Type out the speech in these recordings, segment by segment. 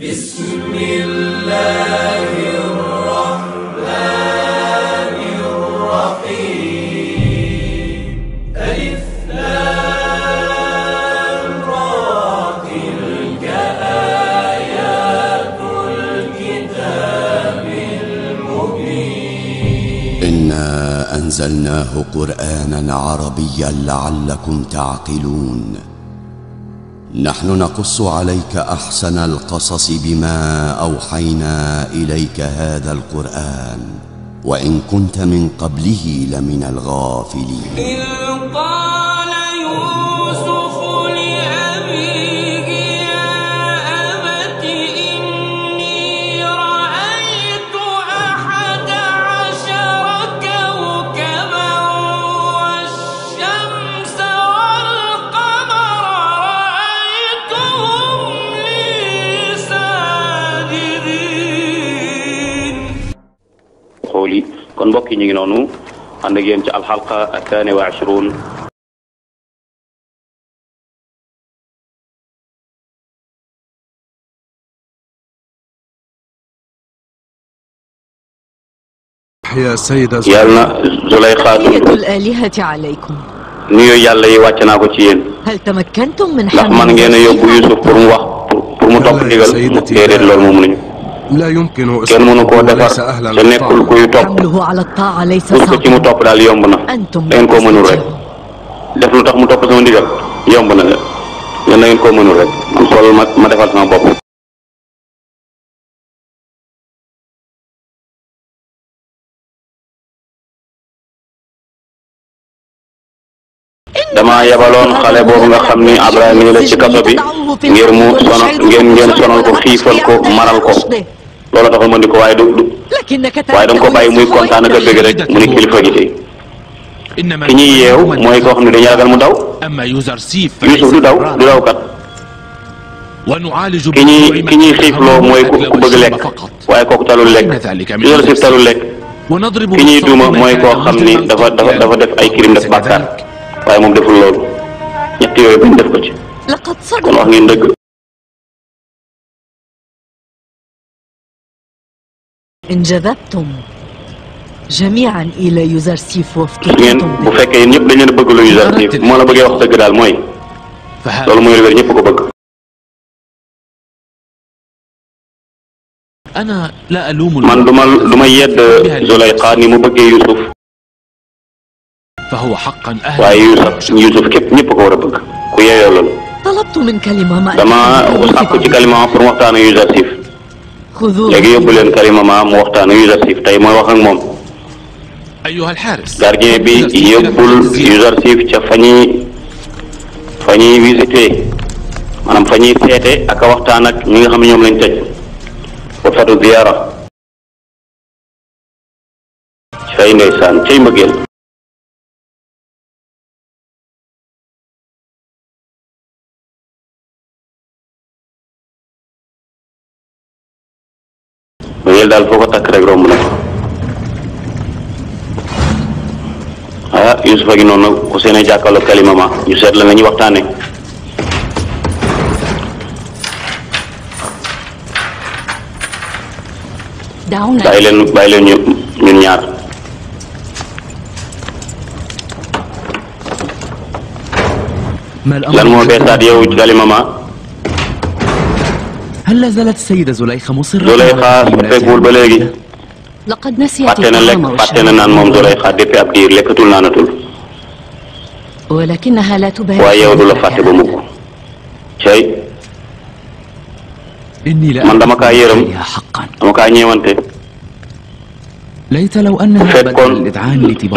بسم الله الرحمن الرحيم ألف لام را تلك آيات الكتاب المبين إنا أنزلناه قرآنا عربيا لعلكم تعقلون نحن نقص عليك أحسن القصص بما أوحينا إليك هذا القرآن وإن كنت من قبله لمن الغافلين kon mbokk yi ñu ngi noonu ànd ak yéen ci alxalqa athani wa ashrun yàlla na Zuleyxa nuyoo yàlla yi wàcc naa ko ci yéen ndax man ngeen a yóbbu Yusuf pour mu wax pour mu topp ndigal déedéet loolu moom mënuñu kenn mënu koo defar te nekkul kuy topp daal yomb na da ngeen koo mënul rek def lu tax mu topp sama ndigal yomb na leen da ngeen koo mënul rek ma ma defal sama bopp. dama yabaloon xale boobu nga xam ni Ibrahima la ci kaso bi ngir mu sonal ko xiifal ko maral ko. loolu dafa man di ko waaye du du waaye da nga ko bàyyi muy kontaan ak a bëgg rek mu ni kilifa gi fii ki ñuy yeew mooy koo xam ne dañuy ragal mu daw Yuusuf du daw du daw kat ki ñuy ki ñuy xiifloo mooy ku bëgg lekk waaye kooku talul lekk Yuusuf talul lekk ki ñuy duuma mooy koo xam ni dafa dafa dafa def ay crime def bàkkaar waaye moom deful loolu ñetti yooyu bañ def ko ci kon wax ngeen dëgg انجذبتم جميعا الى يوزرسيف وافتقدتم bu fekkee yéen ñëpp dañu leen a bëgg lu Yuzarsif moo la bëggee wax dëgg daal mooy loolu mooy wér ñëpp ko bëgg. man du ma du ma yedd Zulayxa ni mu bëggee Yusuf waaye Yusuf Yusuf képp ñëpp ko war a bëgg ku yeeyoo loolu dama sàkku ci kalima pour waxtaan ak Yuzarsif léegi yóbbu leen Karima ma mu waxtaan ak Youssouf tey mooy wax ak moom. gardien bi yóbbul Youssouf ca fa ñuy fa ñuy visité seete ak waxtaan ak ñi nga xam ne ñoom lañ tëj ba fatu ziyaara. cay ndeysaan cay mbëggeel daal foo ko takk rek romb na ah Yuusufa gi noonu ku seen jàkkaarloo kalima ma ñu seet la na ñuy leen bàyyi leen ñu ñun ñaar lan moo beesaat yow kalima ma هل la زالت السيدة زليخة مصرة زليxa fegguwul ba léegi fàtte na lekk fàtte na naan moom Zulaykha depuis ab diir lekkatul naanatul waaye yow du la fàtte ba mukk cay man dama kaa yërëm dama kaa ñeewante bu fekkoon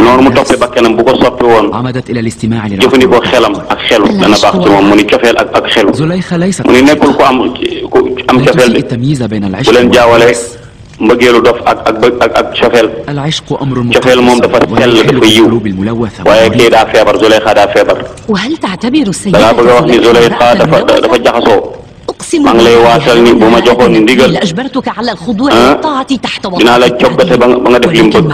noonu mu toppee bakkanam bu ko soppi woon jëfandikoo xelam ak xelu dana baax ci moom mu ni cofeel ak ak xelu mu ni nekkul ku am ku am cofeel de bu leen jaawale mbëggeelu dof ak ak ak ak cofeel cofeel moom dafa sell dafa yiw waaye kii daa feebar Zuleyxa daa feebar da ngaa bëgg a wax ni Zuleyxa dafa dafa jaxasoo. maa ngi lay waasal ni bu ma joxoon ni ndigal ah dinaa la cobbate ba nga def li mu bëgg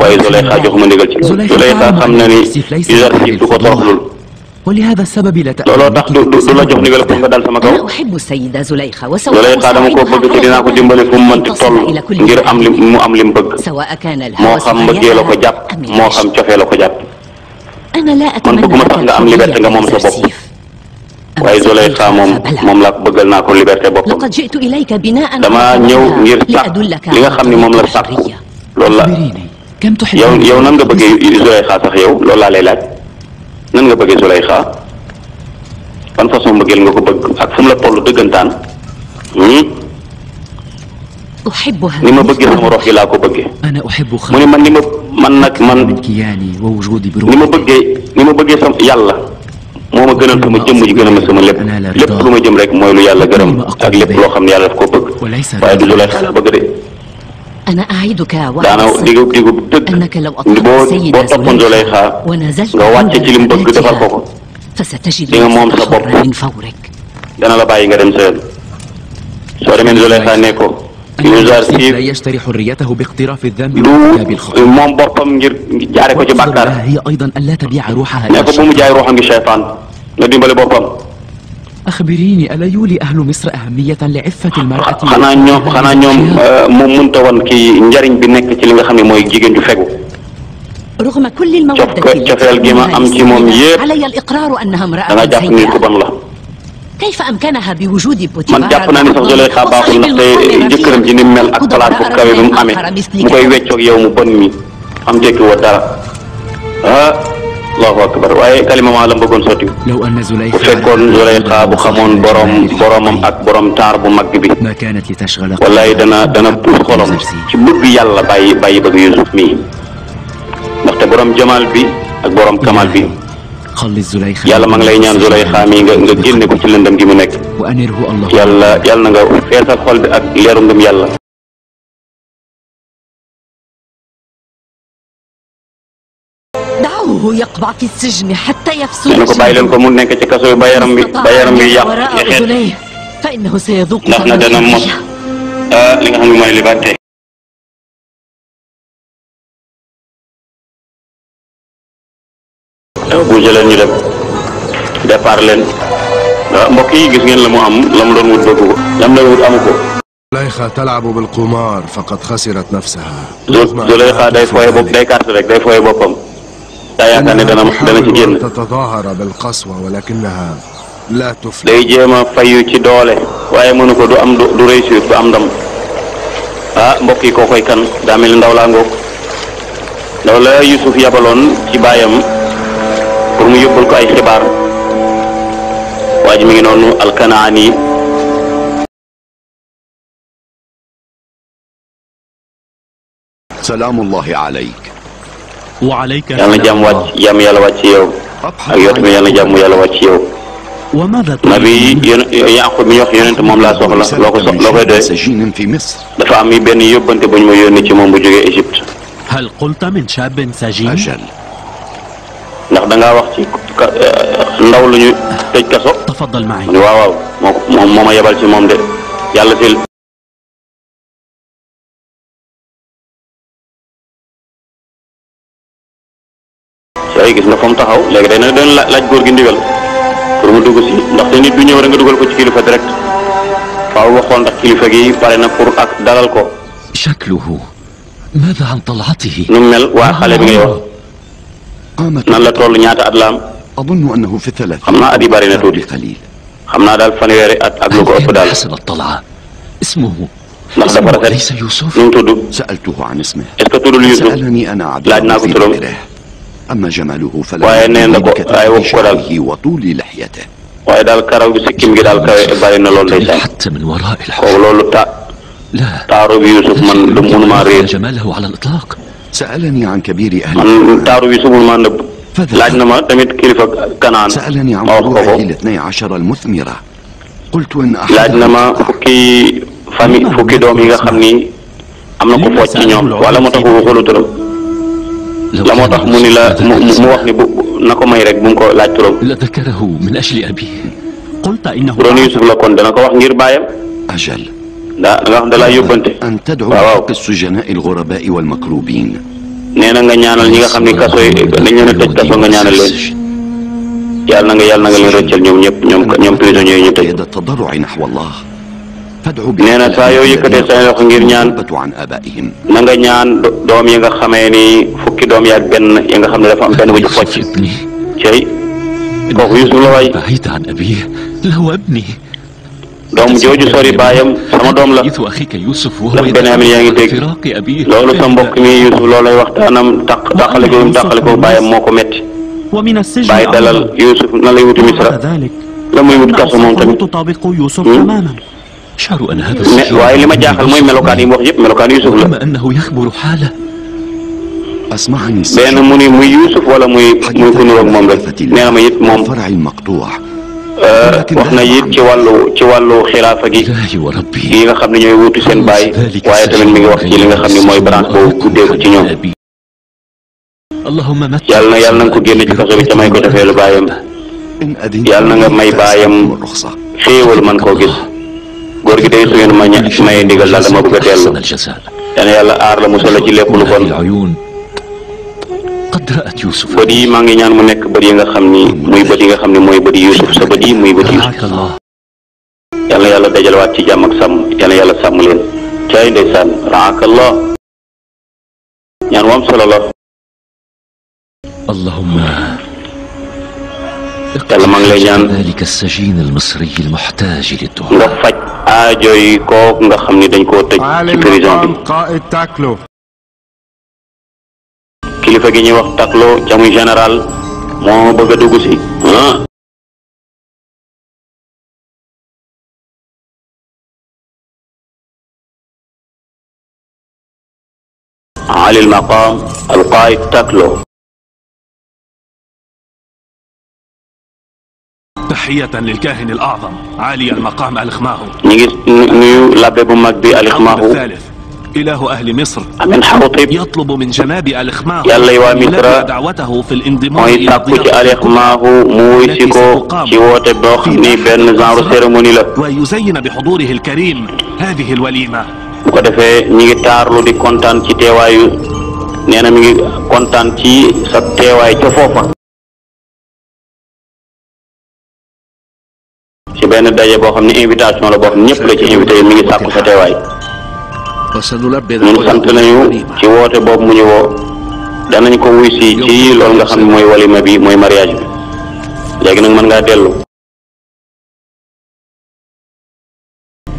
waaye Zulayxa jox ma ndigal ci loolu Zulayxa xam na ni Yuzarsif du ko toroxlul looloo tax du du la jox ndigal pour nga dal sama kaw Zulayxa dama ko bëgg te dinaa ko dimbale fu mu mënti toll ngir am li mu am li mu bëgg moo xam mbëggee la ko jàpp moo xam cofee la ko jàpp man bëgguma sax nga am liberté nga moom sa bopp. waaye Zulaykha moom moom laa ko bëggal naa ko liberté boppam dama ñëw ngir sàkk li nga xam ne moom la sàkk loolu la yow yow nan nga bëggee Zulaykha sax yow loolu laa lay laaj nan nga bëggee Zulaykha ban façon mbëggeel nga ko bëgg ak fu mu la toll dëggantaan hmm? ni ma bëggee sama rox gi laa ko bëggee mu ne ma ni ma man nag man ni ma bëggee ni ma bëggee sama yàlla moo ma gënal sama jëmm ji gënal ma sama lépp lépp lu ma jëm rek mooy lu yàlla gërëm ak lépp loo xam ne yàlla daf koo bëgg waaye du lu lay xel bëgg de daana digub digub dëgg boo boo toppoon lu lay xaar nga wàcce ci li mu bëgg defal ko ko di nga moom sa bopp dana la bàyyi nga dem sa yoon soo demee Zulaykha ne ko yuzarsib du moom boppam ngir jaare ko ci bàkkaar ne ko bu mu jaay ruuxam ngi seytaan na dimbale boppam. Ah, xanaa ñoom xanaa ñoom mu mënta woon kii njëriñ bi nekk ci li nga xam ne mooy jigéen ju fegu. cofeel gi ma am ci moom yépp da nga jàpp ni ku bon la. كيف أمكنها بوجود بوتيفار man jàpp naa ne sax Zulaykha xaa baaxul ndaxte jëkkëram ji ni mel ak place bu kawe bi mu amee mu koy weccoog yow mu bon mi am tekki woo dara ah allahu akbar waaye kalima maa la bëggoon sotti bu fekkoon Zulaykha bu xamoon borom boromam ak borom taar bu mag bi wallaay dana dana puus xolom ci bëgg yàlla bàyyi bàyyi bëgg Yuusuf mii ndaxte borom jamaal bi ak borom kamal bi yàlla maa ngi lay ñaan Zulayxa mi nga nga génne ko ci lëndëm gi mu nekk yàlla yàlla na nga feesal xol bi ak leeru ngëm yàlla ne ko bàyyi leen ko mu nekk ci kaso bi ba yaram bi ba yaram bi yàq ci xeet ndax na dana mos ah, li nga xam ne mooy liberté bougé leen ñu dem départ leen ah, mbokk yi gis ngeen la mu am la mu doon wut bëgg ko lam lay wut amu ko Zulaykha talabu bil qumar faqad xasirat nafsaha Zulaykha day fooye bopp day carte rek day fooye boppam daa yaakaar ne dana dana ci génn tatadahara bil qaswa walakinaha la tuflih day jéem a ci doole waaye mënu ko du am du réussir du am ndam ah mbokk yi koo koy kan daa mel ndaw laa ngoog ndaw la Yusuf yabaloon ci baayam mu yóbbul ko ay xibaar waa ji mi ngi noonu alkanaani salaamullahi alayk wa alayka yàlla na jàmm wàcc jàmm yàlla wàcc yow ak yow tamit yàlla na jàmm yàlla wàcc yow nabi Yaaqub mi ñu wax yonent moom laa soxla loo ko sox loo koy doy dafa am benn yóbbante bu ñu ma yónnee ci moom bu jógee Égypte. ndax da wax ci eh, ndaw lu ñu tëj kaso. tafadal maay waaw waaw moo moom moo ma yebal ci moom de yàlla si. waaye gis nga fa taxaw léegi day na doon laaj góor gi ndigal pour mu dugg si ndaxte nit du ñëw rek nga dugal ko ci kilifa direct faaw waxoon ndax kilifa gi pare na pour ak dalal ko. شكله ماذا عن waa xale bi ngay wax. nan la toll ñaata at la am. xam naa at yi bëri na tuuti. xam naa daal fanweeri at ak lu ko ëpp daal. ndax dafa rafet nu mu tudd. est-ce que tuddul Yusuf laaj naa ko turam. waaye nee na ko waaye wax ko daal. waaye daal karaw bi sikkim gi daal kawe bëri na lool ndeysaan. kooku loolu ta taaru bi Yusuf man du munuma réer. سألني عن كبير أهل man taaru bi subul ma nëbb laaj na ma tamit kilifa Kanaan سألني عن فروعه الاثني عشر المثمرة قلت أن laaj na ma fukki famille fukki doom yi nga xam ni am na ko fooj ci ñoom wala moo tax waxulu turam la moo tax mu ni la mu mu wax ni bu na ko may rek bu mu ko laaj turam bu doon Yuusuf la kon dana ko wax ngir baayam ajal da nga xam da laa yóbbante. an tad'u haqqa as-sujana al-ghuraba' wal-makrubin. nee na nga ñaanal ñi nga xam ne kaso yi dañ leen a tëj kaso nga ñaanal leen. yàlla na nga yàlla na nga leen rëccal ñoom ñëpp ñoom ñoom prisonniers yi ñu tëj. nee na saa yoo yëkkatee sa loxo ngir ñaan na nga ñaan doom yi nga xamee ni fukki doom yaak benn yi nga xam ne dafa am benn bu ci focc cey kooku Yusuf la waay. doom jooju sori baayam sama doom la ndax Benyamin yaa ngi dégg loolu sa mbokk mi Yuusuf loolay waxtaanam taq taqale ko taqale ko baayam moo ko métti bàyyi dalal Yuusuf na lay wuti Misra la muy wut kaso moom tamit hmm? mais waaye li ma jaaxal mooy melokaan yi mu wax yëpp melokaan Yuusuf la benn mu ni muy Yuusuf wala muy muy ku niroog moom rek nee na ma it moom. Euh, wax na it ci wàllu ci wàllu xilaafa gi yi nga xam ne ñooy wuutu seen baay waaye tamit mi ngi wax ci li nga xam ne mooy branche boobu guddee ko ci ñoom yàlla na yàlla na nga ko génne ci kaso bi ca may ko defeelu baayam yàlla na nga may baayam xéewal man koo gis góor gi day suñu ma ña mayee ndigal daal dama bëgg a dellu yàlla aar la musal ci lépp lu bon bët yi maa ngi ñaan mu nekk bët yi nga xam ni muy bët yi nga xam ni mooy bët Yuusuf sa bët yi muy bët Yuusuf yal na yàlla dajalewaat ci jàmm ak sàmm yal na yàlla sàmm leen caay ndeysaan raakallah ñaan wam solo la allahumma yàlla maa ngi lay ñaan nga faj aajo yi kooku nga xam ni dañ koo tëj ci prison bi kilifa gi ñuy wax takloo ca muy général moo bëgg a dugg si ah. ali al maqam al qaid takloo taxiyatan lil kaahin al a'zam ali al maqam al ixmaahu ñu ngi nuyu labbe bu mag bi al ixmaahu إله أهل مصر يطلب من جناب الإخماع لنا دعوته في الانضمام mooy sàkku ci alixmaahu mu wuy si ko ci woote boo xam ni benn genre cérémonie la ويزين بحضوره الكريم هذه الوليمة bu ko defee ñi ngi taarlu di kontaan ci teewaayu nee na mi ngi kontaan ci sa teewaay ca foofa ci benn daje boo xam ne invitation la boo xam ne ñëpp la ci invité yi mi ngi sàkku sa teewaay ñun sant nañu ci woote boobu mu ñu woo danañ ko wuy si nga xam ne mooy walima bi mooy mariage bi nag mën ngaa dellu.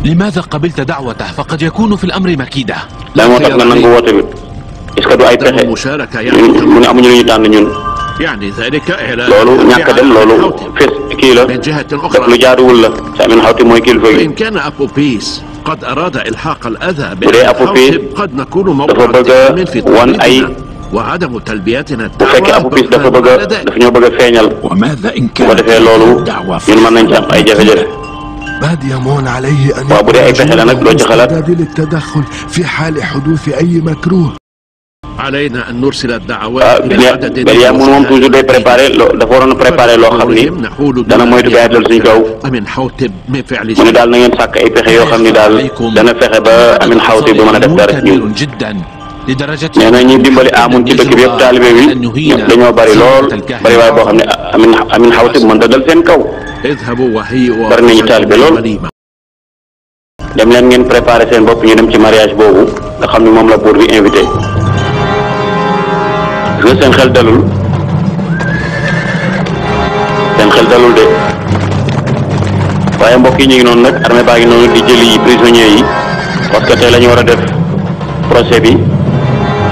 لماذا قبلت دعوته فقد يكون في الأمر مكيدة لا خير فيه est-ce que du ay pexe mu ne amuñu lu ñu tànn ñun loolu ñàkk a dem loolu fés kii la def lu jaaduwul la Saamin Xawti mooy kilifa قد أراد إلحاق الأذى بالحوسب قد نكون موقع تأمين في طريقنا وعدم تلبيتنا الدعوة وماذا إن كانت الدعوة في باد يمون عليه أن يكون للتدخل في حال حدوث أي مكروه Beria mun moom toujours day préparé loo dafa waroon a préparé loo xam ni dana moytu gaa yi dal suñ kaw mu ne daal na ngeen sàkk ay pexe yoo xam ni daal dana fexe ba amin xawte ba mën a def dara ci ñun. nee na ñuy dimbali amun ci dëkk bi yëpp taalibe bi ñëpp dañoo bari lool bari waaye boo xam ne amin amin xawte mën da dal seen kaw bari nañu taalibe lool. dem leen ngeen préparé seen bopp ñu dem ci mariage boobu nga xam ni moom la buur bi invité. gis nga seen xel dalul seen xel dalul de waaye mbokk yi ñu ngi noonu nag armée baa ngi noonu di jëli prisonniers yi parce que tey la war a def procès bi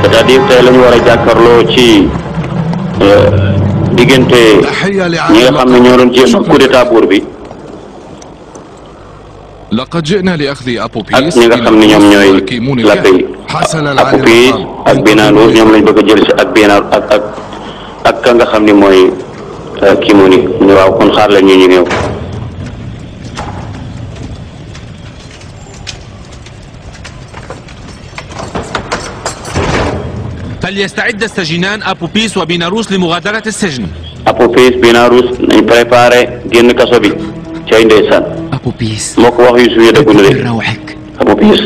c'est-à-dire tey la war a jàkkarloo ci euh, diggante ñi nga xam ne ñoo doon jéem coup d'état buur bi. ak ñi nga xam ne ñoom ñooy lappe yi ak yi ak binaalu ñoom lañ bëgg a jël si ak binaalu ak ak ak ka nga xam ne mooy euh, kimoon yi ñu waaw kon xaar la ñu ñu ñëw. فليستعد السجنان أبوبيس وبيناروس لمغادرة السجن. أبوبيس بيناروس nañ préparé génn kaso bi. cay ndeysaan. abu biis moo ko wax Yuusuf yëddagu na de abu biis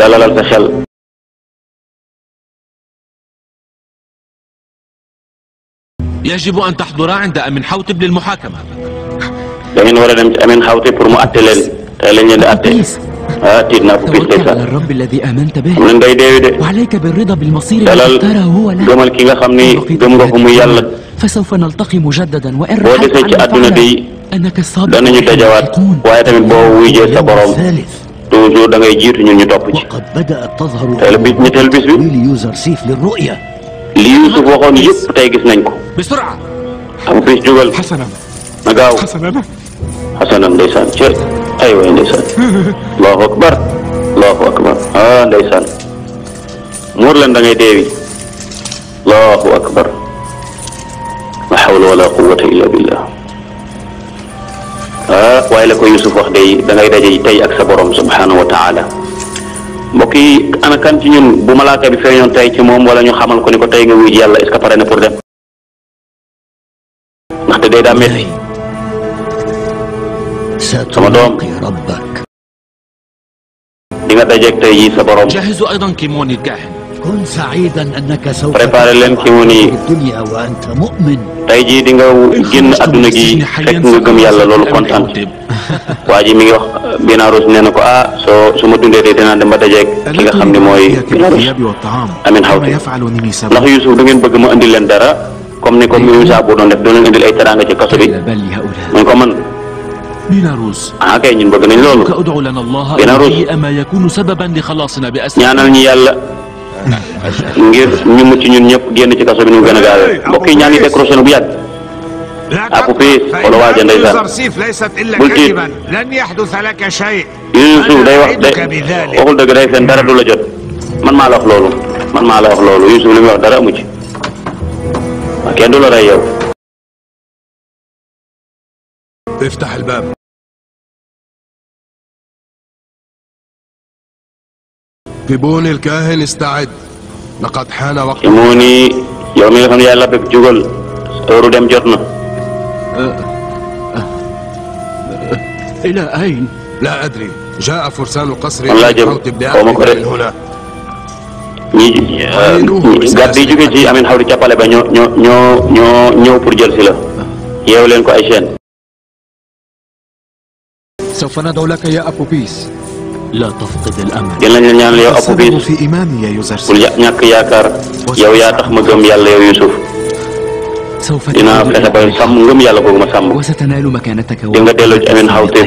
dalalal sa xel. yajibu an taxdura inda Amin Xawtib lil muxaakama. da ngeen war a dem ci Amin Xawtib pour mu atte leen tey lañ leen di atte ah tiit naa abu biis ndeysaan. am na ndey deewi de. dalal gëmal ki nga xam ni gëm nga ko muy yàlla. boo desee ci àdduna bi. danañu dajawaat waaye tamit boo wuyjee sa borom toujours da ngay jiitu ñun ñu topp ci teel bis ñetteel bis bi li Yuusuf waxoon yëpp tey gis nañ ko am bis jugal na gaaw xasanam ndeysaan cër ay waay ndeysaan allahu akbar allahu akbar ah ndeysaan deewi allahu akbar la hawla wala quwwata illa billah waaye la ko Yusuf wax day da ngay daje tey ak sa borom subhanahu wa taala mbokk yi ana kan ci ñun bu malaaka bi feeñoon tey ci moom wala ñu xamal ko ni ko tey nga wuy ji yàlla est pare na pour dem ndaxte day daa metti sama doom di nga dajeeg tey yi sa borom préparé leen ci mu nii tey jii di nga génn àdduna gi fekk nga gëm yàlla loolu kontaan waa ji mi ngi wax Binarus nee na ko ah soo su ma dundee dee dinaa dem ba dajeeg ki nga xam ne mooy Binarus amin xawti ndax Youssouf du ngeen bëgg ma indil leen dara comme ni ko Moussa bu doon def doo leen indil ay teraanga ci kaso bi man ko man ah kay ñun bëgg nañ loolu Binarus ñaanal ñi yàlla. ngir ñu mucc ñun ñëpp génn ci kaso bi ni mu gën a gaawee mbokk yi ñaa ngi décroché na bu yàgg aku piis wala waaja ndeysaan bul tiit Youssouf day wax day waxul dëgg day fen dara du la jot man maa la wax loolu man maa la wax loolu Youssouf li muy wax dara amu ci kenn du la rey yow. رقبوني الكاهن استعد لقد حان وقت رقبوني yow mi nga xam ne yàlla bépp jógal heure dem jot na إلى أين؟ لا أدري جاء فرسان قصر الحوت بأعلى من هنا ñi garde yi jóge ci amin xawri jàppale ba ñoo ñoo ñoo ñoo ñëw pour jël si la yeew leen ko ay chaîne سوف ندعو لك يا أبو بيس yal nañu ñaanal yow apu biis bul ñàkk yaakaar yow yaa tax ma gëm yàlla yow Yusuf dinaa fexe ba sàmm ngëm yàlla googu ma sàmm di nga delloo ci amin xawte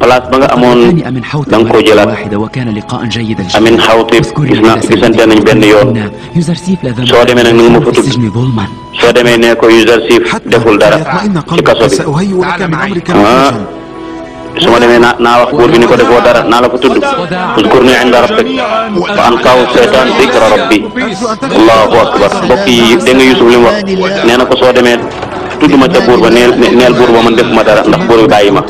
place ba nga amoon da nga koo jëlaat amin xawte gis na gisante nañ benn yoon soo demee nag ni nga ma fa tudd soo demee nee ko Yuzarsif deful dara ci kaso bi ah. su ma demee naa naa wax góor gi ni ko defoo dara naa la ko tudd uzkurni inda rabbik fa ansahu seytaan dikra rabbi allahu akbar mbokk yi dégg nga Yusuf li mu wax nee na ko soo demee tudd ma ca buur ba neel neel buur ba man def ma dara ndax buur bi bàyyi ma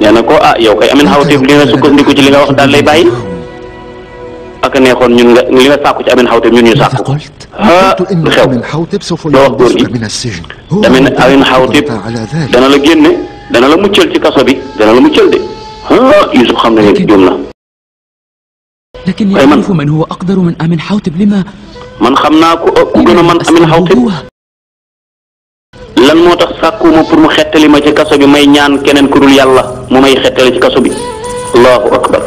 nee na ko ah yow kay amin xawtiif li nga sukkandiku ci li nga wax daal lay bay ak neexoon ñun nga li nga sàkku ci amin xawtib ñun ñu sàkku ko ah lu xew doo wax góor gi damin amin xawtib dana la génne dana la muccal ci kaso bi dana la muccal de ah Yusuf xam na ne juum na. waaye man man xam naa ku ku gën a man amin xawtib lan moo tax sàkku ma pour mu xettali ma ci kaso bi may ñaan keneen ku dul yàlla mu may xettali ci kaso bi allahu akbar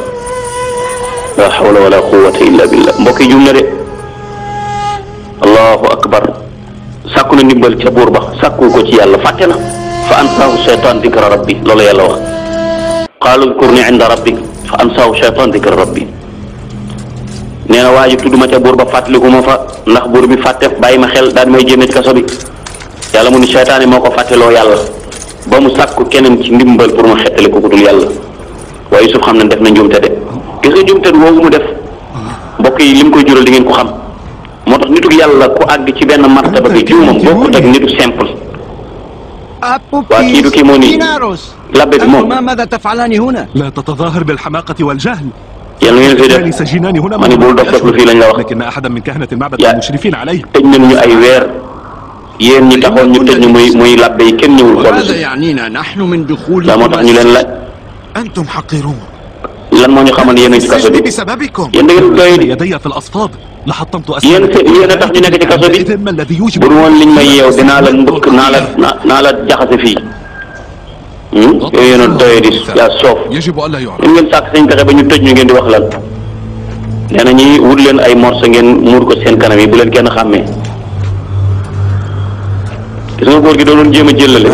la hawla wala quwwata illa billah mbokk yi jum na de allahu akbar sàkku ndimbal ca buur ba sàkku ko ci yàlla fàtte na fa ansaahu shaytaan dikra rabbi loolu yàlla wax qaalu udkurni inda rabbik fa ansaahu shaytaan dikra rabbi nee na waa ji tudd ma ca buur ba fàttaliku ma fa ndax buur bi fàtte bàyyi ma xel daal may jéemee ci kaso bi yàlla mu ni seytaane moo ko fàtteloo yàlla ba mu sàkku keneen ci ndimbal pour ma xettali ko ku dul yàlla waaye Yuusuf xam ne def na njuumte de gis nga jumte woowu mu def mbokk yi lim koy jural di ngeen ko xam moo tax nitu yàlla ku àgg ci benn martaba bi juumam bokkut ak nitu simple waa kii du kii moo nii labbe bi moom. laa tatadaahar bil xamaaqati wal jahl. yal na ngeen fi def ma ne bul dof dof lu fii lañ la wax. yaa tëj nañ ñu ay weer yéen ñi taxoon ñu tëj ñu muy muy labbe yi kenn ñëwul xool. daa moo tax ñu leen laaj. lan moo ñu xamal ne yéen a ngi ci kaso bi yéen da ngeen doy yéen yéen a tax ñu nekk ci kaso bi bu dul woon liñ may yeew dinaa la mbëkk naa la naa la jaxase fii yooyu hmm? yéen a doy di yaa soof ñu ngeen sàkk seen pexe ba ñu tëj ñu ngeen di wax lan nee na ñuy wut leen ay morso ngeen muur ko seen kanam yi bu leen kenn xàmmee. gis nga góor gi doo doon jéem a jëllale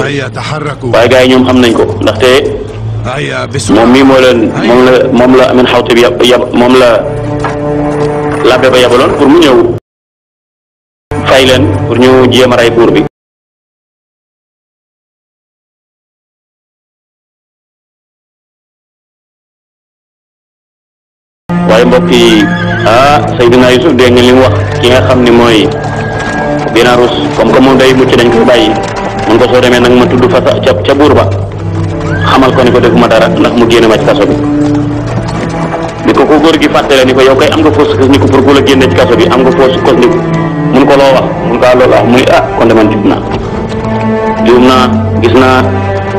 waaye gars yi ñoom xam nañ ko ndaxte. Ah, moom mii moo moom la moom la Amin Xawti bi yab moom la labbe ba yabaloon pour mu ñëw fay leen pour ñu jéem a rey buur bi. waaye mbokk yi ah Seydina Yusuf nga li wax ki nga xam ni mooy dina rus comme que moom day mucc dañ ko bàyyi mun ko soo demee nag ma tudd fa ca ca buur ba. xamal ko ni ko ma dara ndax mu génne ma ci kaso bi bi ko ko góor gi fàttale ni ko yow kay am nga fausse cause ni ko pour ku la génne ci kaso bi am nga fausse cause ni ko mun ko loo wax mun ko loo wax muy ah kon de man jub naa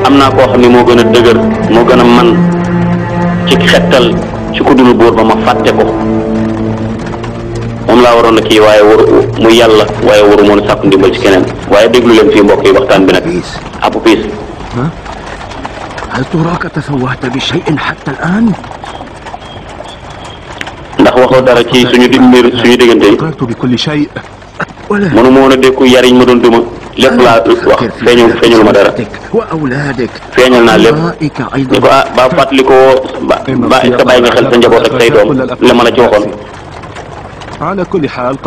am naa koo xam moo gën a dëgër moo gën a man ci xettal ci ku dul góor ba ma fàtte ko laa waroon a kii waaye waru mu yàlla waaye waru moon sàkku ndimbal ci keneen waaye déglu leen fii mbokk yi waxtaan bi nag apu piis هل تراك تفوهت بشيء حتى الآن؟ ndax waxoo dara ci suñu di mbir suñu diggante. mënu ma woon a dékku yar yi ma doon duma lépp laa wax feeñu feeñul ma dara feeñal naa lépp ni ko ah ba fàttali ko ba ba est-ce que bàyyi nga xel sa njaboot ak say doom la ma la ci waxoon.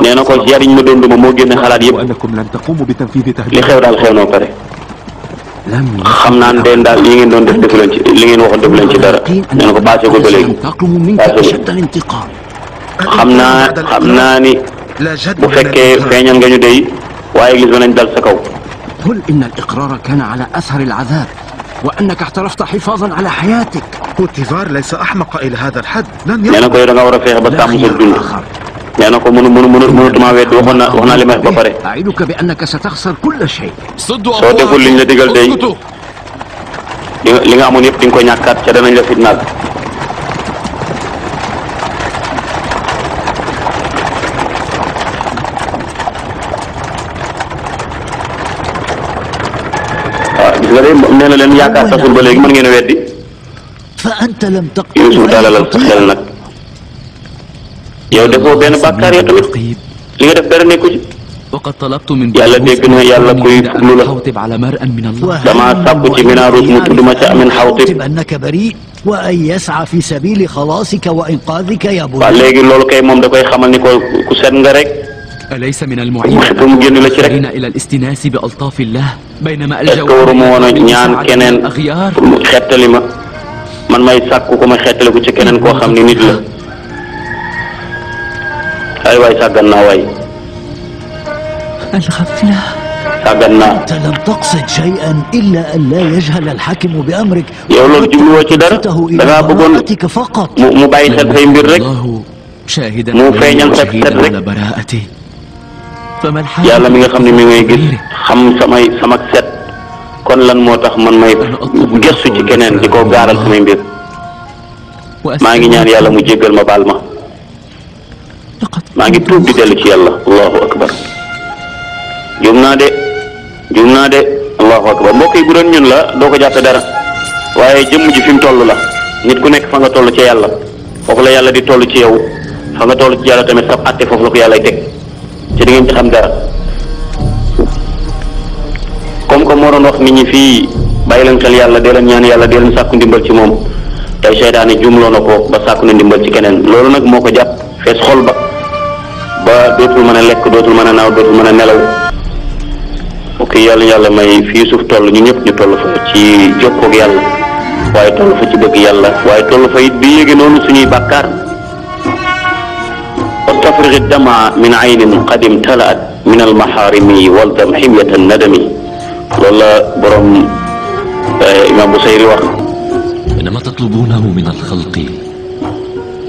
nee na ko yar yi ma doon duma moo génne xalaat yëpp li xew daal na ba pare. xam naa ne den daal yi ngeen doon def def leen ci li ngeen waxoon def leen ci dara nee ko passé ko ba léegi passé ko xam naa xam naa ni bu fekkee feeñal nga ñu dey waaye gis nañ dal sa kaw. قل إن الإقرار كان على أثر العذاب وأنك اعترفت حفاظا على حياتك بولتيفار ليس أحمق إلى هذا الحد لن يقبل nee na ko mënu mënu mënatuma weddi waxoon na wax naa li may wax ba pare soo deful liñ la digal day li nga amoon yëpp di nga ko ñàkkaat ca danañ la fitnaal. nga de nee na leen yaakaar tasul ba léegi mën ngeen a weddi Yuusuf dalalal yow defoo benn bàkkaar yow tamit li nga def dara nekku ci yàlla dégg na yàlla kuy fuglu la damaa sàpp ci minaaruus mu tudd ma ca amin xawtib waaw léegi loolu kay moom da koy xamal ni ko ku set nga rek pour mu génn la ci rek est ce que waruma woon a ñaan keneen pour mu xettali ma man may sàkku ko ma xettali ko ci keneen koo xam ni nit la. ay waay sàggan naa waay. alxafla. sàggan naa. anta lam taqsid shay'an illa an laa yajhal alxakim bi amrik. yow loolu jubluwoo ci dara da ngaa bëggoon mu mu bàyyi set say mbir rek mu feeñal set set rek yàlla mi nga xam ne mi ngay gis xam samay sama set kon lan moo tax man may gëstu ci keneen di ko gaaral samay mbir maa ngi ñaan yàlla mu jéggal ma baal ma. maa ngi tuub di dellu ci yàlla allahu akbar juum naa de juum naa de allahu akbar mbokk yi bu doon ñun la doo ko jàppe dara waaye jëmm ji fi mu toll la nit ku nekk fa nga toll ci yàlla foofu la yàlla di toll ci yow fa nga toll ci yàlla tamit sab àtte foofu la ko yàlla teg ci di ngeen ci xam dara comme que moo doon wax nit ñi fii bàyyi leen xel yàlla dee leen ñaan yàlla dee leen sàkku ndimbal ci moom tey seytaane jumloo na ko ba sàkku na ndimbal ci keneen loolu nag moo ko jàpp fees xol ba ba dootul mën a lekk dootul mën a naaw dootul mën a nelaw ok yàlla yàlla may fii suuf toll ñu ñëpp ñu toll fa ci jokkoog yàlla waaye toll fa ci bëgg yàlla waaye toll fa it bi yéege noonu suñuy bàkkaar wastafrigi dama min aynin qadim talaat min almaharimi waldam ximyata nadami loolu la borom eh, imam Busayri wax ma tatlubunahu min alxalqi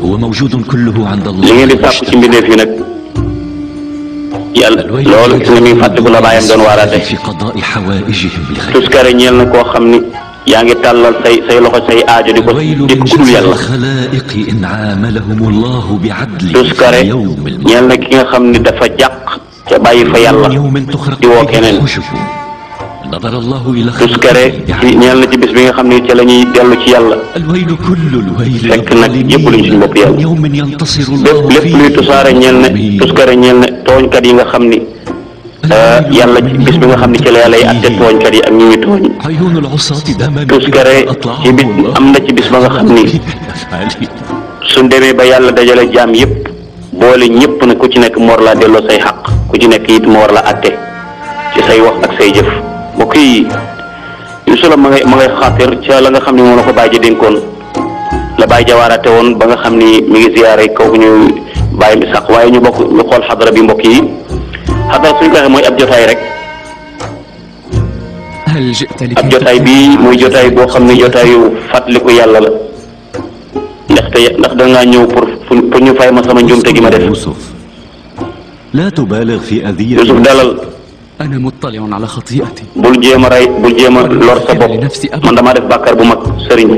huwa mawjudun kulluhu inda Allah li ngeen di sàkk ci mbindeef yi nag yàlla loolu ci ne muy fàttaliku la bàyyam doon waaraate tuskare ñeel na koo xam ni yaa ngi tàllal say say loxo say aajo di ko di ko kudul yàlla tuskare ñeel na ki nga xam ni dafa jàq te bàyyi fa yàlla di woo keneen tuskare ci ñeel na ci bis bi nga xam ne ci la ñuy dellu ci yàlla fekk nag yëpp luñ suñu bopp yàlla lépp lépp luy tusaare ñeel ne tuskare ñeel ne tooñkat yi nga xam ni yàlla ci bis bi nga xam ne ci la yàlla yi atte tooñkat yi ak ñi ñu tooñ tuskare ci bis am na ci bis ba nga xam ni suñ demee ba yàlla dajalee jaam yëpp boole ñëpp na ku ci nekk moor laa delloo say xaq ku ci nekk it moor la atte ci say wax ak say jëf mbokk yi incha allah ma ngay ma ci xaatir la nga xam ne moom la ko bàyyi dénkoon la bàyyi jawaarate woon ba nga xam ni mi ngi ziyaare kooku ñu mi sax waaye ñu bokk ñu xool xadara bi mbokk yi xadara suñ ko waxee mooy ab jotaay rek ab jotaay bi mooy jotaay boo xam ne jotaayu ko yàlla la ndaxte ndax dangaa ñëw pour pour ñu fay ma sama njuumte gi ma def Yusuf dalal ana muttaliun ala xatiati bul jéem a rey bul jéem a lor sa bopp man damaa def bàkkaar bu mag sëriñ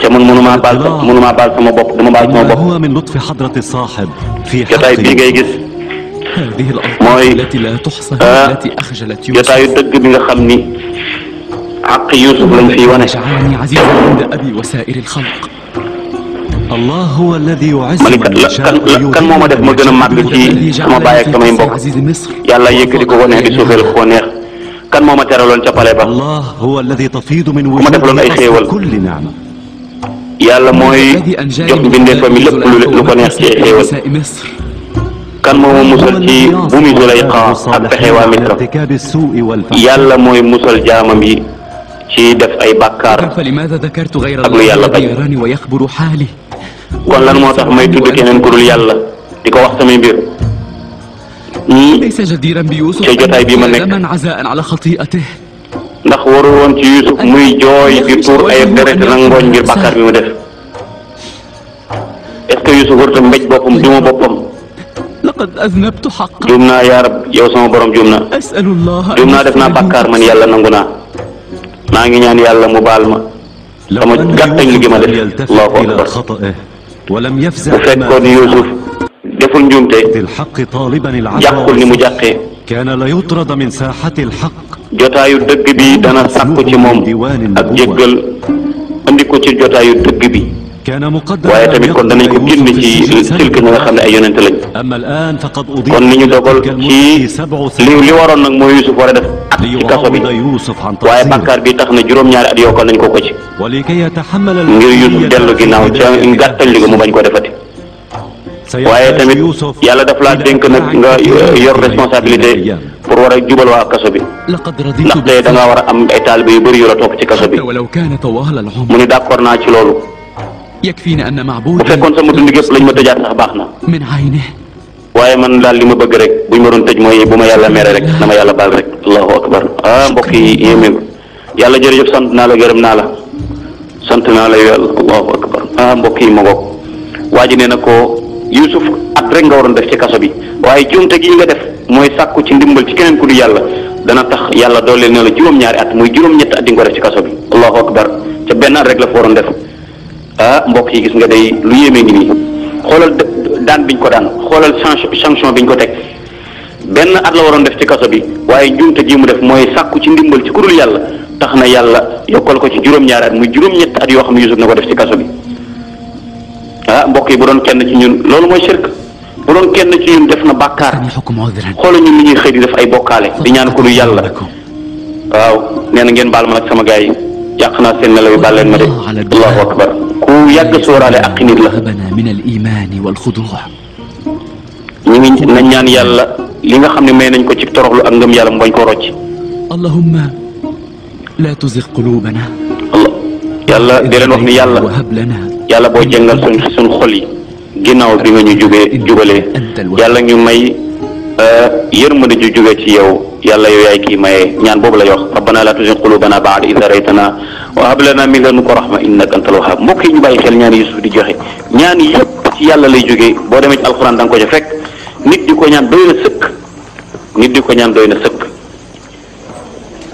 te man mënumaa baal mënumaa baal sama bopp dama baal sama bopp. min lutfi hadrati saaxib fi jotaay bii ngay gis mooy jotaayu dëgg bi nga xam ni àq Yuusuf lañ fi wane. ma ni kat la kan kan moo ma def ma gën a màgg ci sama baay ak samay mbokk yàlla yëkkati ko ko neex di suufeel ko ko neex kan moo ma teraloon ca pale ba ku ma defaloon ay xéewal yàlla mooy jox mbindeefam yi lépp lu lu ko neex ci ay kan moo ma musal ci buumi Zulayqa ak pexe waa Misra yàlla mooy musal jaamam yi ci def ay bàkkaar ak lu yàlla bañ kon lan moo tax may tudd keneen ku dul yàlla di ko wax samay mbir. te hmm? jotaay bii ma nekk. ndax warul woon mu def est ce que Yuusuf warut a mbéj boppam duma boppam. naa yaa rab yow sama borom man yàlla nangu naa. maa ngi ñaan yàlla mu baal ma. sama gàttañ li ma def. allahu akbar bu fekkoon Yuusuf deful njuumte jàqul ni mu jàqee jotaayu dëgg bi dana sàkku ci moom ak jéggal andi ko ci jotaayu dëgg bi. waaye tamit kon danañ ko génne ci silk ñi nga xam ne ay yonente lañ kon li ñu dogal ci li li waroon nag mooy Yuusuf war a def at ci kaso bi waaye bàkkaar bi tax na juróom-ñaari at yokkal nañ ko ko ci ngir Yuusuf dellu ginnaaw ca gàttañ li mu bañ ko defati waaye tamit yàlla daf laa dénk nag nga yor responsabilité pour war a jubal waa kaso bi ndaxte da ngaa war a am ay taalibe yu bëri la topp ci kaso bi mu ni d'accord naa ci loolu. bu fekkoon sama dund gépp lañ ma tëjaat sax baax na waaye man daal li ma bëgg rek buñ ma doon tëj mooy bu ma yàlla mere rek na ma yàlla bal rek allahu akbar ah mbokk yi yéeme yàlla jërëjëf sant naa la gërëm naa la naa la yàlla allahu ah, mbokk yi ma bokk waa ji nee na ko Youssouf at rek nga waroon def ci kaso bi waaye juumte gi nga def mooy sàkku ci ndimbal ci keneen ku du yàlla dana tax yàlla dooleel na la juróom-ñaari at muy juróom ñett at di nga ko def ci kaso bi allahu akbar ca benn at rek la fa waroon def. ah mbokk yi gis nga day lu yéeme ngi nii xoolal daan biñ ko daan xoolal sanction biñ ko teg benn at la waroon def ci kaso bi waaye njuumte gi mu def mooy sàkku ci ndimbal ci kudul yàlla tax na yàlla yokkal ko ci juróom-ñaari at muy juróom-ñett at yoo xam ne Yuusuf na ko def ci kaso bi ah mbokk yi bu doon kenn ci ñun loolu mooy sirk bu doon kenn ci ñun def na bàkkaar xoolal ñun li ñuy xëy di def ay bokkaale di ñaan ko du yàlla waaw nee na ngeen baal ma nag sama gaay yi yàq naa seen nelaw la baal leen ma de allahu akbar ku yàgg sóoraale ak nit la ñu ngi nañ ñaan yàlla li nga xam ne may nañ ko ci toroxlu ak ngëm yàlla mu bañ koo rocc allahumma la tuzigh qulubana yàlla di leen wax ni yàlla yàlla boo jëngal suñ suñ xol yi ginnaaw bi nga ñu jubalee yàlla ñu may Euh, yërmande ju jóge ci yow yàlla yow yaay kii maye ñaan boobu la wax rabbana la tuzigh qulubana ba'da idh hadaytana wa hab lana min ladunka rahma innaka antal wahhab mbokk yi ñu bàyyi xel ñaan Yuusuf di joxe ñaan yëpp ci yàlla lay jógee boo demee ci alxuraan da ko ca fekk nit di ko ñaan doy na sëkk nit di ko ñaan doy na sëkk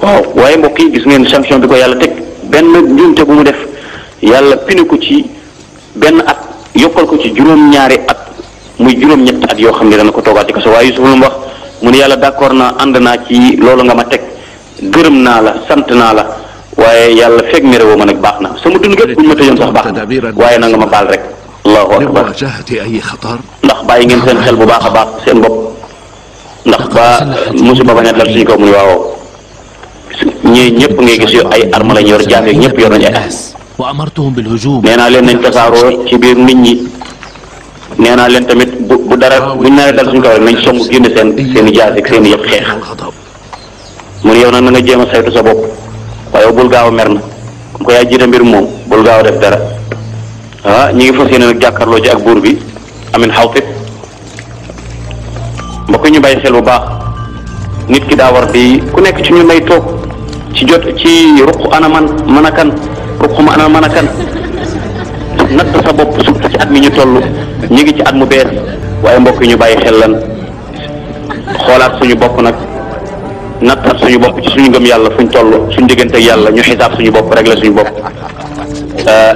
waaw waaye mbokk yi gis ngeen sanction bi ko yàlla teg benn njuumte bu mu def yàlla pine ko ci benn at yokkal ci juróom-ñaari at at yoo xam ne dana ko toogaat ci kaso waaye Yusuf la mu wax mu ne yàlla d'accord naa ànd naa ci loolu nga ma teg gërëm naa la sant naa la waaye yàlla fekk mere woo ma nag baax na sama dund gépp buñ ma tëjoon sax baax na waaye na nga ma baal rek allahu akbar ndax bàyyi ngeen seen xel bu baax a seen bopp ndax ba musiba bañ a dal suñu kaw mu ne waawoo ñëpp ngay gis yu ay arme lañ yor jaafeeg ñëpp yor nañ ay nee naa leen nañ tasaaroo ci biir nit ñi nee naa leen tamit bu bu dara ah buñ naree dal suñu kaw rek nañ song génne seen seen i jaas ak seen i yëpp xeex mu ne yow nag na nga jéem a saytu sa bopp waaye bul gaaw a mer na comme que yaa jiite mbir moom bul gaaw a def dara ah ñu ngi fas yéene nag jàkkaarloo ji ak buur bi amin xawtit mbokk ñu bàyyi xel bu baax nit ki daa war di ku nekk ci ñu may toog ci jot ci ruq ana man mën a kan ruq ma ana mën a kan natt sa bopp surtout ci at mi ñu toll. ñu ngi ci at mu bees waaye mbokk yi ñu bàyyi xel lan xoolaat suñu bokk nag nattaat suñu bokk ci suñu ngëm yàlla fuñ toll suñu diggante yàlla ñu xisaab suñu bopp rek la suñu bokk euh,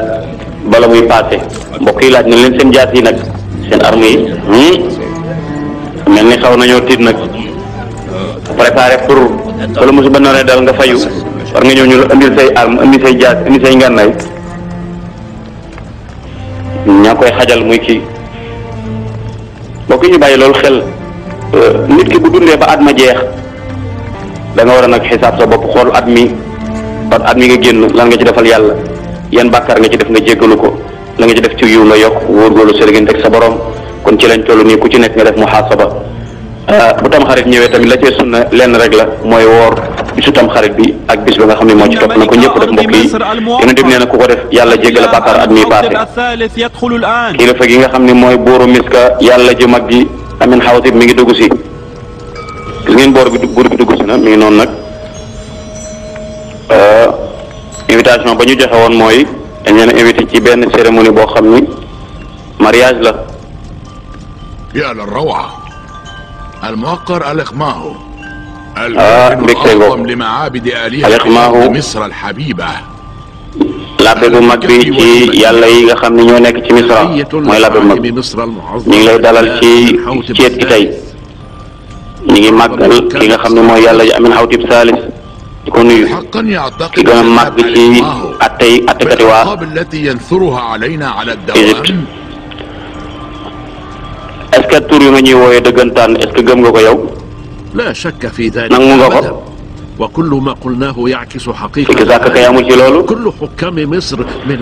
bala muy paase mbokk yi laaj na leen seen jaas yi nag seen arme yi hmm? mel ni xaw nañoo tiit nag préparé pour wala mosu ba naree dal nga fayu war nga ñëw ñu la indil say arme indi say jaas indi say ngànnaay ñaa koy xajal muy kii mbokk yi ñu bàyyi loolu xel euh, nit ki bu dundee ba at ma jeex da war a nag xisaab sa bopp xool at mi par at mi nga génn lan nga ci defal yàlla yan bàkkaar nga ci def nga jéggalu ko la nga ci def ci yiw nga yokk wóorgóorlu sa diggante ak sa borom kon ci lañ toll nii ku ci nekk nga def muhaasaba euh, bu tam xarit ñëwee tamit la cee sunna lenn rek la mooy woor bisu tam xarit bi ak bis ba nga xam ne moo ci topp na ko ñëpp def mbokk yi yonent bi ku ko def yàlla jéggal a bàkkaar at mi passé kilifa gi nga xam ne mooy booru miska yàlla ji mag ji amin xawtib mi ngi dugg si gis ngeen boor bi buur bi dugg si na mi ngi noonu nag euh, invitation ba ñu joxe woon mooy dañ leen invité ci benn cérémonie boo xam ni mariage la. mbégte googu aliqmaahu labbe bu mag bi ci yàlla yi nga xam ne ñoo nekk ci misra mooy labbe bu mag bi ñu ngi lay dalal ci ceet gi tey ñu ngi màggal ki nga xam ne mooy yàlla ji amin xawtib saalis di ko nuyu ki gën a màgg ci attey attekati waa Égypte est-ce que tur yu nga ñuy wooyee dëggantaan est-ce que gëm nga ko yow لا شك في ذلك أبدا وكل ما قلناه يعكس حقيقة كل حكام مصر من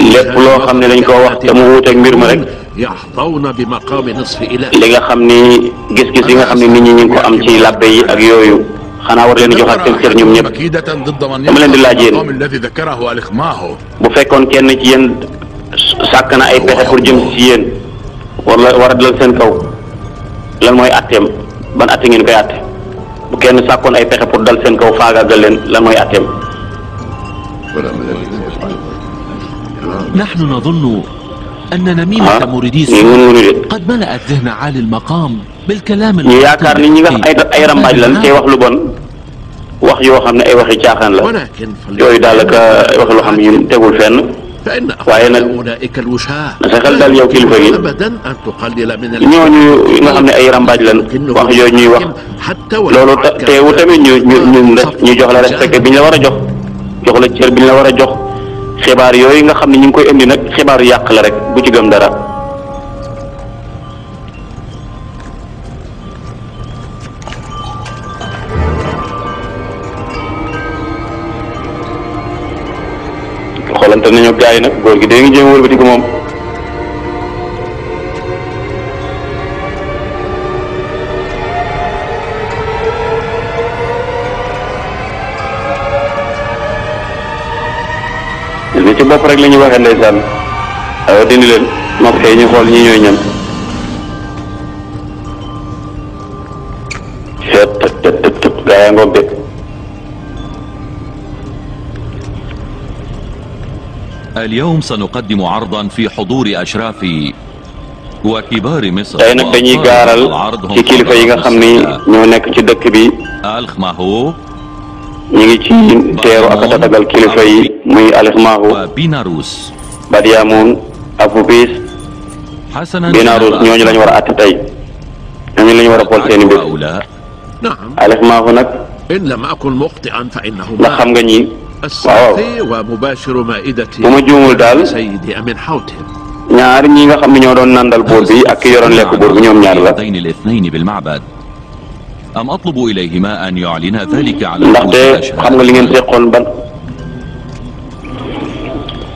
يحظون بمقام نصف إله li nga xam ni gis-gis yi nga xam ne nit ñi ñu ngi ko am ci labbe yi ak yooyu xanaa war leen joxaat seen cër ñoom ñëpp dama leen di laaj yéen bu fekkoon kenn ci yéen sàkk na ay pexe pour jëm ci yéen wala war a dal seen kaw lan mooy atteem ban atte ngeen koy atte bu kenn sàkkoon ay pexe pour dal seen kaw faagaagal leen lan mooy àtteem. نحن نظن أن نميمة مريديس قد ملأت ذهن عالي المقام بالكلام ñu yaakaar ni ñi nga ay ay rambaaj lan tey wax lu bon wax yoo xam ne ay waxi caaxaan la yooyu daal la wax loo xam ne tegul fenn. waaye nag na sa xel daal yow kilifa gi ñooñu nga xam ne ay rambaaj lan wax yooyu ñuy wax loolu teewu tamit ñu ñu ñu jox la respecté bi ñu la war a jox jox la ceer bi la war a jox xibaar yooyu nga xam ne ñu ngi koy indi nag xibaaru yàq la rek bu ci gëm dara. gaa nag góor gi dee ngi jéem wëlbatiku moom ci bopp rek la ñuy waxee ndeysaan awa dindi leen ma xëy ñu xool ñi ñooy ñan seet gaa yaa ngoog de اليوم سنقدم عرضا في حضور أشراف وكبار مصر tey nag dañuy gaaral ci kilifa yi nga xam ni ñoo nekk ci dëkk bi ñu ngi ci teeru ak a tatagal kilifa yi muy alixmaahu badiyaamun afupiis binaaruus ñooñu lañu war a àtte tey ñooñu lañu war a pool seeni mbir alixmaahu nag ndax xam nga ñi waaw bu ma juumul daal ñaar ñi nga xam ne ñoo doon nandal buur bi ak ki yoroon lekk buur bi ñoom ñaar la. ndaxte xam nga li ngeen seqoon ban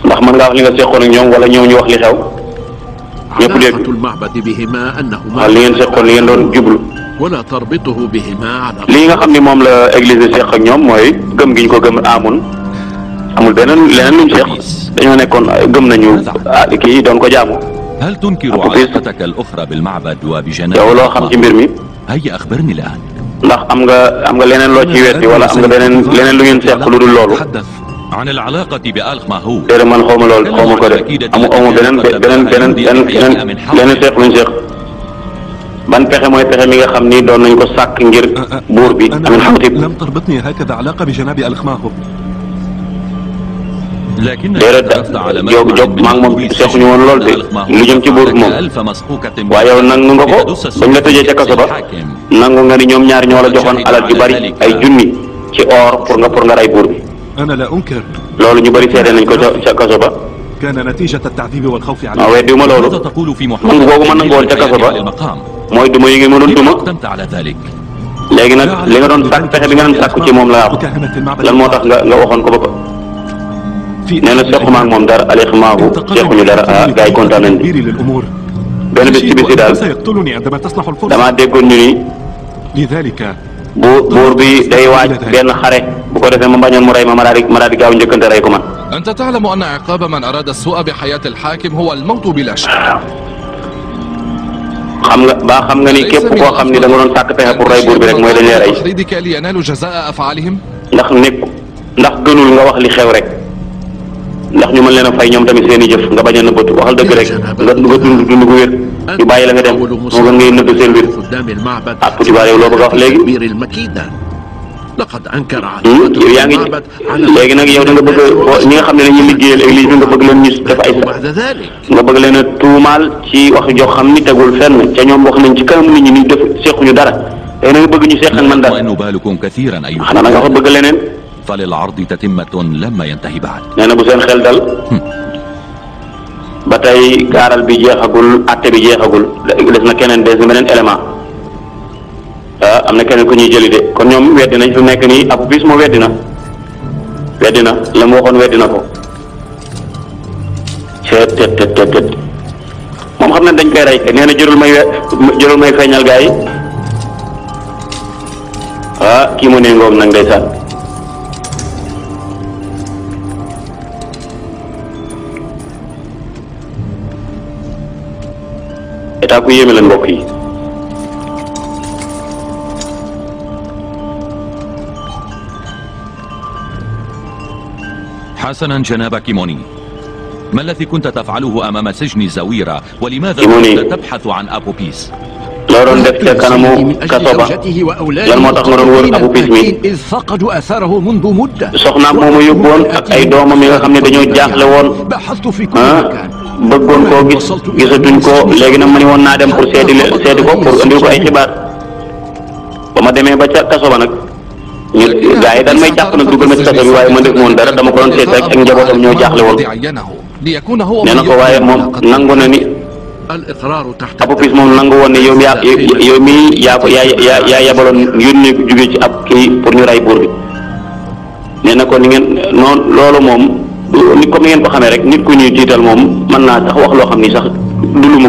ndax mën ngaa wax li nga seqoon ak ñoom wala ñoo ñu wax li xew ñëpp dégg waaw li ngeen seqoon li ngeen doon jublu. wala tarbitu bihima ala lii nga xam ni moom la église seq ak ñoom mooy gëm gi ñu ko gëm amun amul beneen leneen luñ seq dañoo nekkoon gëm nañu ah, kii doon ko jaamu. هل تنكر علاقتك الأخرى بالمعبد وبجنازته؟ yow loo xam ci mbir mi. هيا أخبرني am nga am loo ci wetti wala am nga leneen leneen lu ngeen seq lu dul loolu. عن العلاقة بألخ ماهوت. déedéet man xawma loolu xawma ko de amu amu beneen beneen beneen beneen beneen seq luñ seq. ban pexe mooy pexe mi nga xam ni doon nañ ko sàkk ngir ah, ah, buur bi amin xawtib déedéet da jóg jóg maa ngi moom seexuñu woon lool de lu jëm ci buur bi moom waaye yow nangu nga ko bañ la tëjee ca kaso ba nangu nga ni ñoom ñaar ñoo la joxoon alal ju bari ay junni ci or pour nga pour nga ay buur bi loolu ñu bari seede nañ ko ca ca kaso ba. waaw ah, weddiwuma loolu nangu googu ma nangu woon ca kaso ba. mooy duma yi nga ma doon duma léegi nag li nga doon sàkk pexe bi nga doon moom laa wax lan tax nga nga waxoon ko ba ko nee na sequma ak moom dara alex maahu sequñu dara ah gars yi kontaan nañ ci benn bés ci daal damaa déggoon ni buur bi day waaj benn xare bu ko defee ma bañoon mu rey ma ma daal di ma daal di gaaw njëkkante rey ko man. أنت تعلم أن عقاب من أراد السوء بحياة الحاكم هو الموت بلا شك xam nga ba xam nga ni képp koo xam ni da nga doon sàkk pexe pour rey buur bi rek mooy dañ lay rey ndax nekk ndax gënul nga wax li xew rek ndax ñu mën leen a fay ñoom tamit seen i jëf nga bañ a nëbbatu waxal dëgg rek nga dund dund gu wér ñu bàyyi la nga dem moo gën ngay nëbb seen biir ah Potifar yow loo bëgg a wax léegi. Hmm? yow yaa ngi léegi nag yow da nga bëgg ñi nga xam ne dañuy liggéeyal église bi nga bëgg leen ñu def ay nga bëgg leen a tuumaal ci wax joo xam ni tegul fenn ca ñoom wax nañ ci kanam nit ñu ni def sequñu dara léegi nag bëgg ñu seq ak man dara xanaa nag wax bëgg leneen nee na bu seen xel dal hmm. ba tey gaaral bi jeexagul ate bi jeexagul des na keneen des na meneen élément am na keneen ku ñuy jëli de kon ñoom weddi nañ fi nekk nii ab bis mu weddi na weddi na la waxoon weddi na ko ceet tet tet moom xam na dañ koy rey nee na may jërul may feeñal gaa yi ah kii mu ne ngoom nag ndeysaan état ku yéeme leen mbokk yi حسنا جناب كيموني ما الذي كنت تفعله أمام سجن زويرة ولماذا كنت تبحث عن أبو بيس loo doon def ca kanamu kaso ba lan moo tax nga doon wër abu bis mi soxnaam moo ma yóbbuwoon ak ay doomam yi nga xam ne dañoo jaaxle woon ah bëggoon koo gis gisatuñ ko léegi nag ma ne woon naa dem pour seeti seeti ko pour andil ko ay xibaar ba ma demee ba ca kaso ba nag. ñu gars yi dañ may jàpp nag dugal ma ci bi waaye man def moon dara dama ko doon seet rek ak njabootam ñoo jaaxle woon nee na ko waaye moom nangu na ni ab office moom nangu woon ne yow mi yaa yow mi yaa ko yaa yaa yaa yabaloon yónnee ko jógee ci ab kii pour ñu ray buur bi nee na ko ni ngeen noonu loolu moom ni ko ni ngeen ko xamee rek nit ku ñuy tiital moom mën naa tax wax loo xam ni sax du lu mu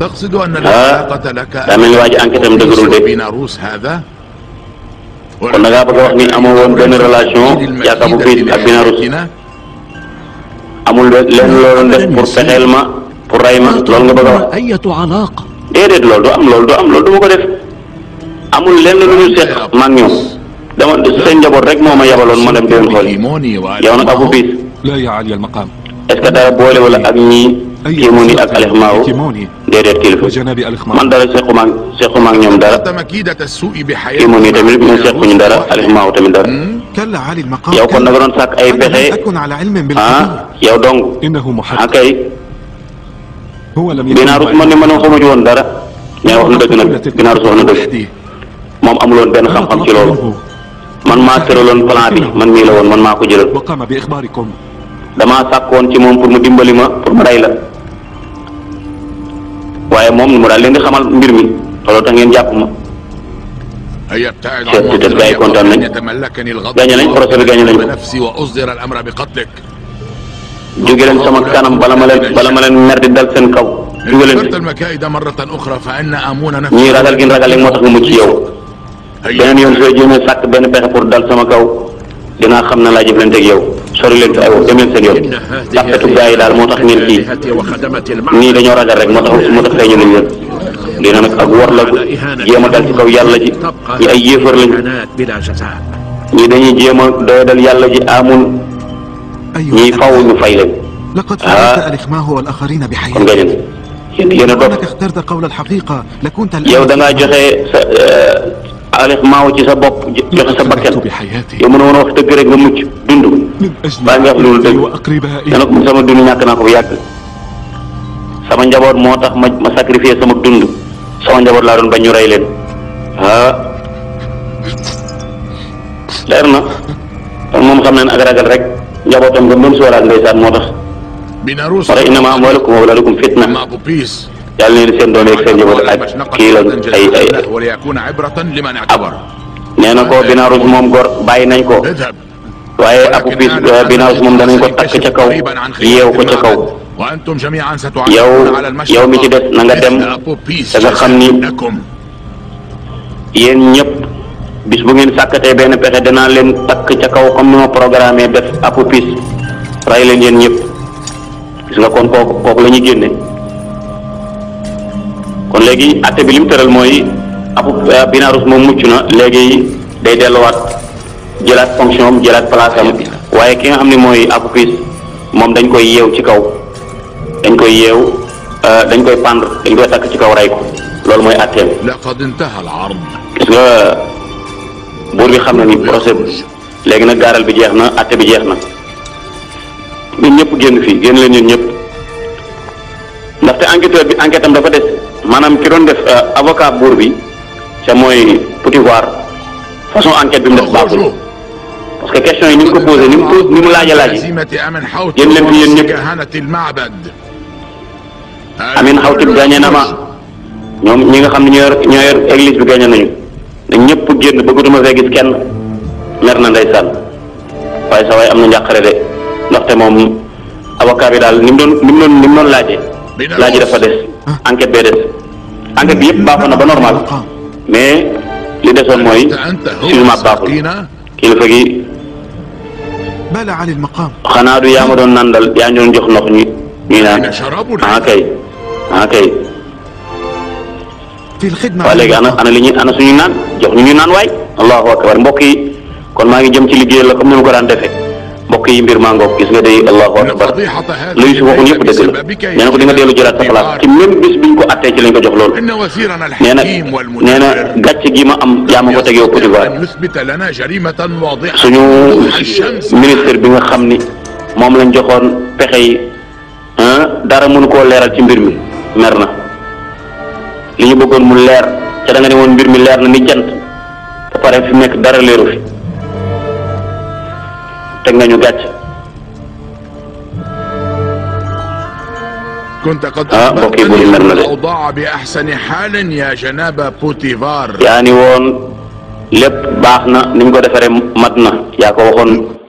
ah daa mel ni waa ji enquête am dëgërul de kon da ngaa bëgg a wax ni amoo woon benn relation yaakaar bu Pays ak Bélarus amul lenn loolu def pour fexeel ma pour rey ma loolu nga bëgg a wax déedéet loolu loolu du amul lenn lu ñu seq ma ak ñoom dama seen njaboot rek moo ma yabaloon ma dem di leen xool yow nag abu Pays est-ce que dara boole wala ak ñii. kéemoon yi ak alexmaaw déedéet kilifa man dara sequma ak sequma ak ñoom dara kéemoon yi tamit mu sequñu dara alexmaaw tamit dara hmm? yow kon nag doon sàkk ay pexe ah yow dong ah kay ginnaaw rus man ne man xamu ci woon dara mais wax na dëgg nag ginnaaw rus wax na dëgg moom amuloon benn xam-xam ci loolu man maa tëraloon plan bi man mii la woon man maa ko jëlal damaa sàkk woon ci moom pour ma dimbali ma pour ma rey la. waaye moom mu daal leen di xamal mbir mi looloo tax ngeen jàpp ma. Cheikh Tidiane gars yi kontaan nañ gaañ nañ procès bi gaañ nañ ko. jóge leen sama kanam bala ma leen ma leen mer di dal seen kaw jóge leen ñii na gi ñu ragal léegi moo tax nga mucc yow beneen yoon soo jéemee benn pexe pour dal sama kaw dinaa xam na laa jëflanteeg yow. sori leen fi ay wax dem leen seen yoon tàppatu gaa yi daal moo tax ngeen kii nii dañoo ragal rek moo tax moo tax feeñu lañ leen dina nag ak war la jéem a dal ci kaw yàlla ji ñi ay yéefar lañu ñii dañuy jéem a doyadal yàlla ji amul ñii faw ñu fay leen ah kon nga yéen yéen a doon yow da ngaa joxe sa. Eh, alef maaw ci sa bopp joxe sa bakkan yow mën a mën a wax dëgg rek nga mucc dund baa ngi wax loolu dëgg te nag sama dund ñàkk naa ko bu yàgg sama njaboot moo tax ma ma sacrifier sama dund sama njaboot laa doon bañ ñu rey leen ah leer na kon moom xam nañ ak ragal rek njabootam nga mën sóoraat ndeysaan moo tax moo tax innamaa amwaalukum wa awlaadukum fitna yàlla na leen seen doom yeeg seen njaboot ak kii la ay ay ab nee na ko Binaarus moom gor bàyyi nañ ko waaye ab bis eh, Binaarus moom danañ ko takk ca kaw yeew ko ca kaw yow yow mi ci des na nga dem da nga xam ni yéen ñëpp bis bu ngeen sàkkatee benn pexe danaa leen takk ca kaw comme ni ma programme def ab bis rey leen yéen ñëpp gis nga kon kooku kooku la ñuy génne. kon léegi atte bi li mu tëral mooy abu euh, Binarus moom mucc na léegi day delluwaat jëlaat fonction am jëlaat place am waaye ki nga xam ni mooy abu piis moom dañ koy yeew ci kaw dañ koy yeew euh, dañ koy pendre dañ koy takk ci kaw rey ko loolu mooy atteem gis nga buur bi xam na ni procès léegi nag gaaral bi jeex na atte bi jeex na ñun ñëpp génn fii génn leen ñun ñëpp ndaxte enquêteur bi enquête am dafa des maanaam ki doon def euh, avocat buur bi ca mooy Potiphar façon enquête bi mu def baaxul parce que question yi ni mu ko posé ni mu posé ni mu laaj a laaj leen fi yéen ñëpp Amin Xawtib gaañee na ma ñoom ñi nga xam ne ñu yor ñoo yor église bi gaañee nañu ne ñëpp génn bëggatuma fee gis kenn mer na ndeysaan waaye sa waaye am na njàqare de ndaxte moom avocat bi daal ni mu doon ni mu doon ni mu doon laajee laaj dafa des ah. enquête bee des. engrais bi yëpp baaxoon na ba normal ah. mais li desoon mooy suñu maap baaxul kilifa gi xanaa du yaa ma doon nandal yaa ñu jox ndox ñu ñuy naan ah kay ah kay waaye léegi ana li ñuy ana suñu naan jox ñu ñu naan waay allahu akbar mbokk yi kon maa ngi jëm ci liggéey la comme ni ma ko daan defee. mbokk mbir maa ngoog gis nga day allahu akbar luy fi waxoon yëpp dëgg la nee na ko di nga dellu jëlaat sa place ci même bis biñ ko attee ci lañ ko jox loolu nee na nee na gàcce gi ma am yaa ma ko teg yow Côte d'Ivoire suñu ministre bi nga xam ni moom lañ joxoon pexe yi dara mënu koo leeral ci mbir mi mer na li ñu bëggoon mu leer ca da nga woon mbir mi leer na ni jant ba pare fi nekk dara leeru fi teg nañu gàcc. ah mbokk yi buur mer na de. yaa ni woon lépp baax na ni mu ko defaree mat na yaa ko waxoon.